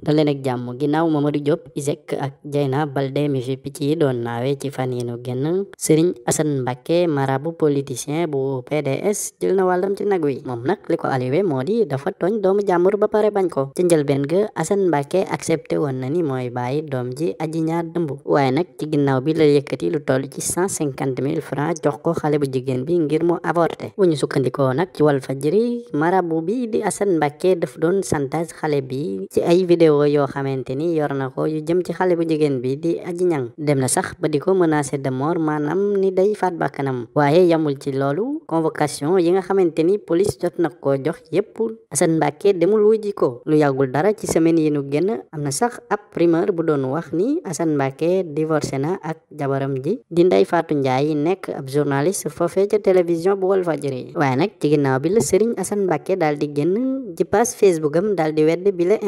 dal leen ak jàmm ginnaaw Mamadou Diop ISEC ak Dieyna Baldé mi fi picc yi doon naawe ci fan yi nu génn Serigne Assane Mbacké marabu politicien bu PDS jël na wàllam ci nag wi moom nag li ko aliwe moo di dafa tooñ doomu jàmbur ba pare bañ ko ci njëlbeen ga Assane Mbacké accepté woon na ni mooy bàyyi doom ji aji ñaar dëmb waaye nag ci ginnaaw bi la yëkkati lu toll ci cent cinquante mille francs jox ko xale bu jigéen bi ngir mu avorté bu ñu sukkandikoo nag ci Walfadjri marabu bi di Assane Mbacké daf doon santage xale bi ay vidéo yoo xamante ni yor na ko yu jëm ci xale bu jigéen bi di aji ñang dem na sax ba di ko menacer de mort maanaam ni day faat bakkanam waaye yamul ci loolu convocation yi nga xamante ni police jot na ko jox yépp Assane Mbacké demul wujji ko lu yàggul dara ci semaine na sax ab primeur wax ni Assane Mbacké divorcé na ak jabaram ji di Ndeye Fatou Ndiaye nekk ab journaliste foofee ca télévision bu Walfadjri waaye nag ci ginnaaw bi la Serigne Assane Mbacké daal di génn ci page Facebook am di wedd bi la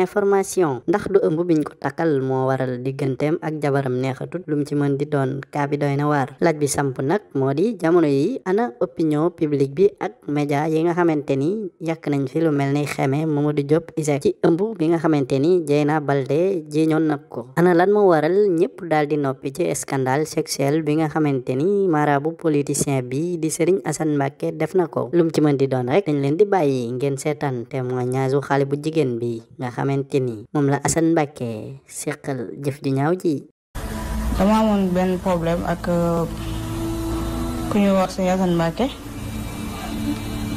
million ndax du ëmb biñ ko takkal moo waral digganteem ak jabaram neexatut lu mu ci mën di doon kaa bi doy na waar laaj bi samp nag moo di jamono yi ana opinion publique bi ak média yi nga xamante ni yàq nañ fi lu mel ni xeme di Diop ISEG ci ëmb bi nga xamante ni Dieyna Baldé jiiñoon nag ko ana lan moo waral ñëpp dal di noppi ci skandal sexuel bi nga xamante ni ma marabu politicien bi di Serigne Assane Mbacké def na ko lu mu ci mën di doon rek dañ leen di bàyyi ngeen seetaan témoignage moom la Assane Mbacké seqal jëf ju ñaaw ji. dama amoon benn problème ak euh, ku ñuy wax suñu Assane Mbacké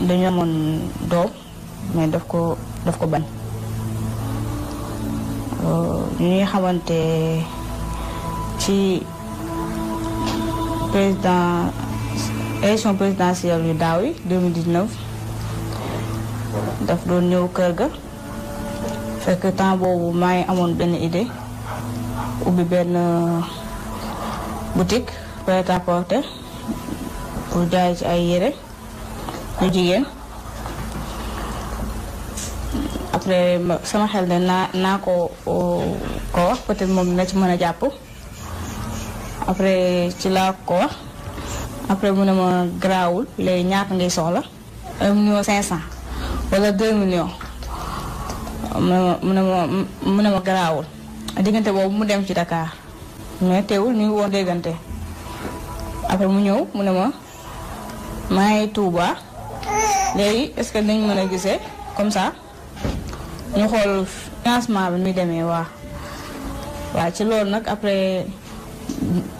dañu amoon doom mais daf ko daf ko bañ euh, ñuy xamante ci président élection présidentielle yu daaw yi 2019 daf doon ñëw kër ga. fekk temps boobu maa ngi amoon benn idée ubbi benn euh, boutique prêt-à-porter pour jaay ci ay yére ñu jigéen après sama xel ne naa naa ko ko wax peut-être moom dina ci mën a jàpp après ci laa ko wax après mu ne ma garaawul léegi ñaata ngay soxla un million cinq cent wala deux millions mu ne ma mu ne ma garaawul diggante boobu mu dem ci dakaar mais teewul ñu woon déggante après mu ñëw mu ne ma maa ngi Touba léegi est-ce que dañ mën a gisee comme ça ñu xool financement bi muy demee waa waa ci loolu nag après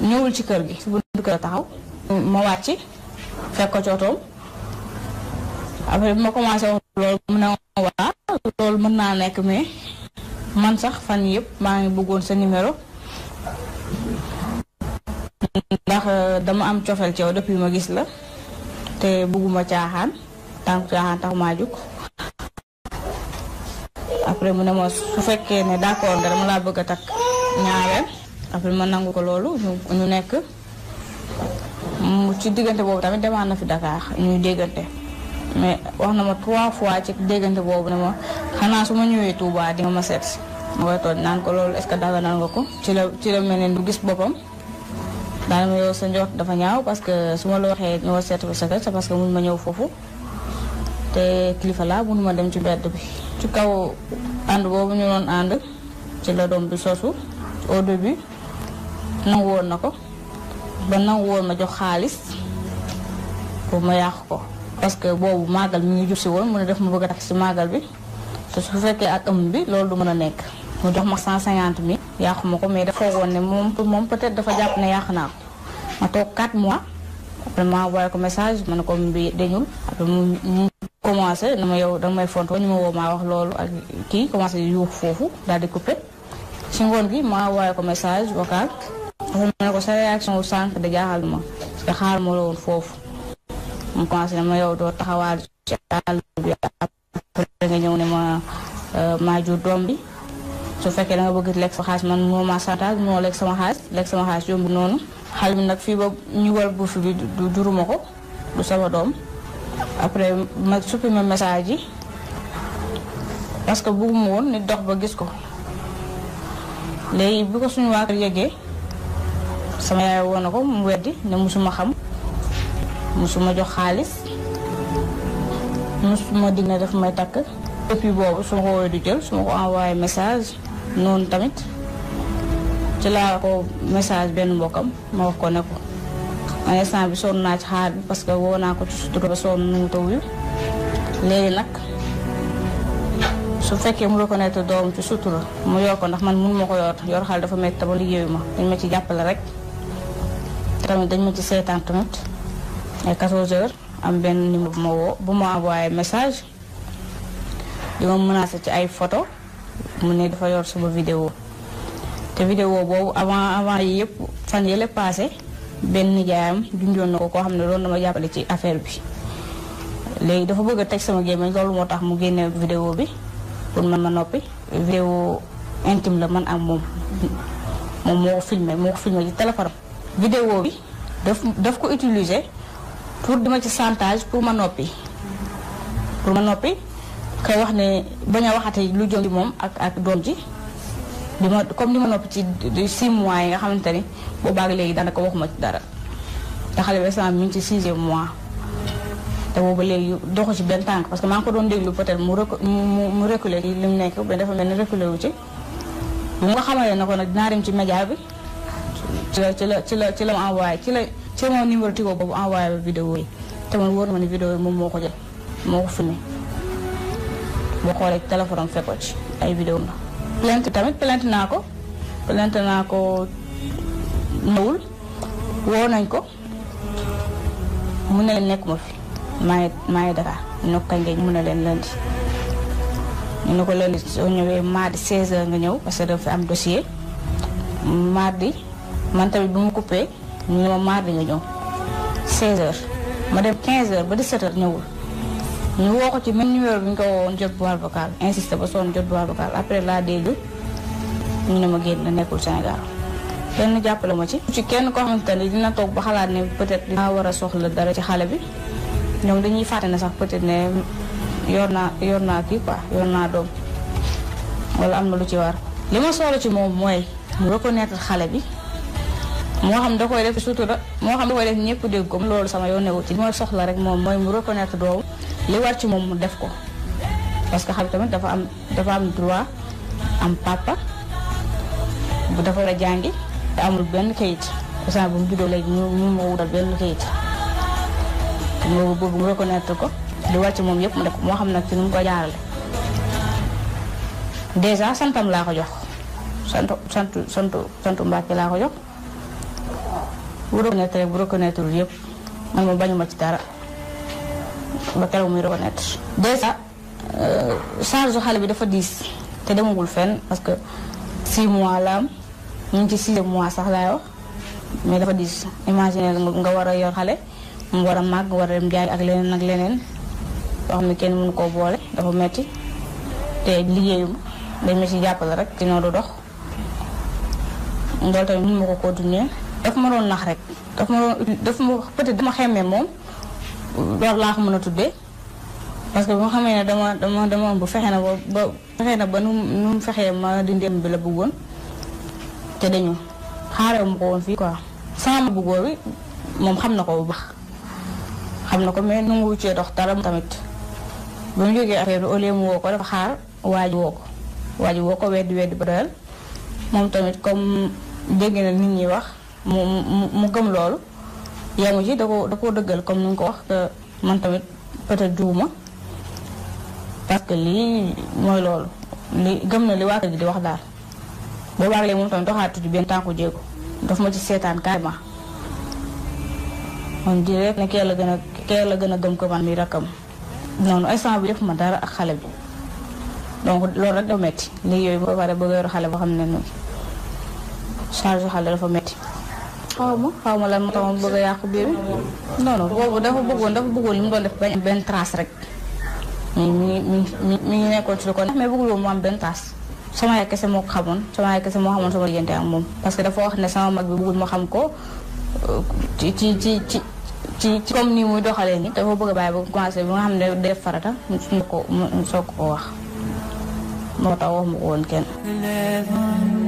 ñëwul ci kër gi. si buntu kër taxaw. ma wàcc fekk cootoom après bi ma commencé loolu mën naa nekk mais man sax fan yëpp maa ngi bëggoon sa numéro ndax euh, dama am cofeel ci yow depuis ma gis la te bëgguma caaxaan tànk caaxaan tax maa après mu ne ma su fekkee ne d'accord nga dama la bëgg a takk ñaareel après ma nangu ko loolu ñu nekk ci diggante boobu tamit demaan na fi dakaar ñuy déggante mais wax na ma trois fois ci déggante boobu ne ma xanaa su ma ñëwee tuubaa di nga ma seet si. ma koy tooj naan ko loolu est ce que daganal nga ko ci la ci la mel ne du gis boppam daal ma yow sa njort dafa ñaaw parce que su ma la waxee ñëw seet bi sa kër c'est parce que mun ma ñëw foofu te kilifa laa ma dem ci mbedd bi. ci kaw ànd boobu ñu doon ànd ci la doom bi sosu au bi nangu woon na ko ba nangu woon ma jox xaalis pour ma yàq ko. parce que boobu màggal mi ngi jub si woon mu ne def ma bëgg a takk si màggal bi te su fekkee ak ëmb bi loolu du mën a nekk mu jox ma 150 mille yàqu ma ko mais dafa foogoon ne moom moom peut être dafa jàpp yàq naa ma toog 4 mois après ma ko message ma ne ko bi dañul après mu commencé na ma yow danga may fontoo ñu ma woo maa wax loolu ak kii commencé yuux foofu daal di coupé si gi ma envoyé ko message vocal après ma ne ko sa réaction sànq de jaaxal ma parce que xaar ma la foofu mu commencé ma yow doo taxawaal ci àll bi après ñëw ne ma euh, maa doom bi su fekkee da nga bëgg lekk sa xaalis man moo ma santaag moo lekk sama xaalis lekk noonu xale bi nag fii ba ñu war buuf du juruma ko du sama doom après ma supprimer message yi parce que bëgguma woon nit dox ba gis ko léegi bi ko suñu waa kër sama yaay woo na ko mu weddi ne musuma xam su ma jox xaalis musuma dig na daf may takk depuis boobu su ma ko woowee du jël su ma ko envoyé message noonu tamit ci laa ko message benn mbokkam ma wax ko ne ko instant bi son naa ci xaar bi parce que woo naa ko ci sutura ba sonn nu mu nag su fekkee mu reconnaître doom ci sutura mu yor ko ndax man mun ma ko yor yor xaalis dafa métti te ba ma dañ ma ci jàppale rek tamit dañ ma ci seetaan tamit ay 14 heures am benn numéro bu ma woo bu ma envoyé message di ma ci ay photo mu ne dafa yor suba vidéo te vidéo boobu avant avant yi yëpp fan yële passé benn nijaayam junjoon na ko koo xam ne doon dama jàppale ci affaire bi léegi dafa bëgg a teg sama gémmiñ loolu moo tax mu génne vidéo bi pour man ma noppi vidéo intime la man am moom moom moo ko filmé moo ko filmé ci téléphone vidéo bi daf daf ko utilise pour di ma ci chantage pour ma noppi pour ma noppi kay wax ne bañ a waxate lu jëm ci moom ak ak doom ji di ma comme ni ma noppi ci 6 mois yi nga xamante ni boobaag léegi daanaka waxuma ci dara te xale bi mi ngi ci sixième mois te boobu léegi doxu ci benn tànk parce que maa ngi ko doon déglu peut-être mu mu mu reculer li mu nekk ba dafa mel ni reculer wu ci bu nga xamalee na ko nag dinaa ci média bi ci la ci la ci la ci la mu envoyé ci la ci moom numéro Tigo boobu envoyé ba vidéo yi te man wóor na ma ne vidéo yi moom moo ko jël moo ko filmé boo xoolee téléphone am fekkoo ci ay vidéo la. plainte tamit plainte naa ko plainte naa ko ñëwul woo nañ ko mu ne leen nekkuma fi maa ngi maa ngi Dakar ñu ne ko kañ mu ne leen lundi ñu ne ko lundi soo ñëwee mardi 16h nga ñëw parce que dafa am dossier mardi man tamit bu mu coupé. ñu ne ma mardi nga ñëw 16h ma dem 15h ba 17h ñëwul ñu woo ko ci même numéro bi ñu ko jot boîte vocale insisté ba sonn jot boîte vocale après laa dégg ñu ne ma génn nekkul Sénégal kenn jàppale ma ci. ci kenn koo xamante ne dina toog ba xalaat ne peut-être dinaa war a soxla dara ci xale bi ñoom dañuy fàtte ne sax peut-être ne yor naa yor naa kii quoi yor naa doom wala am na lu ci war. li ma soxla ci moom mooy mu reconnaître xale bi. moo xam da koy def sutura moo xam da koy def ñëpp dégg ko loolu sama yoon newu ci mooy soxla rek moom mooy mu reconnaître doomu li war ci moom mu def ko parce que xam tamit dafa am dafa am droit am papa bu dafa war te amul benn kayit instant bu mu juddoo léegi ñu ma benn kayit loolu boobu mu ko li war ci moom yëpp mu def ko moo xam nag ci nu mu ko jaarale déjà santam laa ko jox sant sant sant santu santu Mbàkke laa ko jox bu reconnaître rek bu reconnaître lu yëpp man moom bañuma ci dara ba keroog muy reconnaître déjà euh, charge xale bi dafa diis te demagul fenn parce que 6 mois la am ngi ci 6 mois sax laay wax mais dafa diis imaginer nga war a yor xale mu war a màgg war a dem jaay ak leneen ak leneen loo xam kenn mënu koo boole dafa metti te liggéeyum dañ ma ci jàppale rek dina du dox loolu tamit mënu ma ko continuer daf ma doon nax rek daf ma doon daf ma peut moom loolu laa ko mën a tuddee parce que bu ma xamee ne dama dama dama bu fexe na ba ba fexe na ba nu nu mu ma dindi bi la bëggoon te dañu xaarewu ma ko woon fii quoi sama bëggoo bi moom xam na ko bu bax xam na ko me nu mu cee dox tara tamit ba mu jógee affaire bi au lieu woo ko dafa xaar waaj woo ko waaj woo ko weddi weddi ba doyal moom tamit comme dégg na nit ñi wax mu mu mu gëm loolu yamu ji da ko da koo dëggal comme ni nga ko wax man tamit peut-être juuma parce que lii mooy loolu li gëm na li waa kër gi di wax daal boobaa léegi moom tamit doxaatu ci benn tànku jéego daf ma ci seetaan carrément on dirait ne kee la gën a kee la gën a gëm ko man mi rakkam noonu instant bi def ma dara ak xale bi donc loolu rek dafa metti léegi yooyu ba pare bëgg a xale boo xam ne noonu charge xale dafa metti xaw ma xaw lan moo tax ma bëgg yàqu biir bi non boobu dafa bëggoon dafa bëggoon li mu doon def bañ am benn trace rek mi mi mi mi ngi nekkoon ci lu ko neex mais bëgg woon mu am benn trace sama moo ko xamoon sama kese moo xamoon sama diggante ak moom parce que dafa wax ne sama mag bi xam ko ci ci ci ci ci comme ni muy doxalee ni dafa bëgg a bàyyi ba commencé bi nga xam ne def farata mu soog ko mu soog ko wax moo tax wax ma ko woon kenn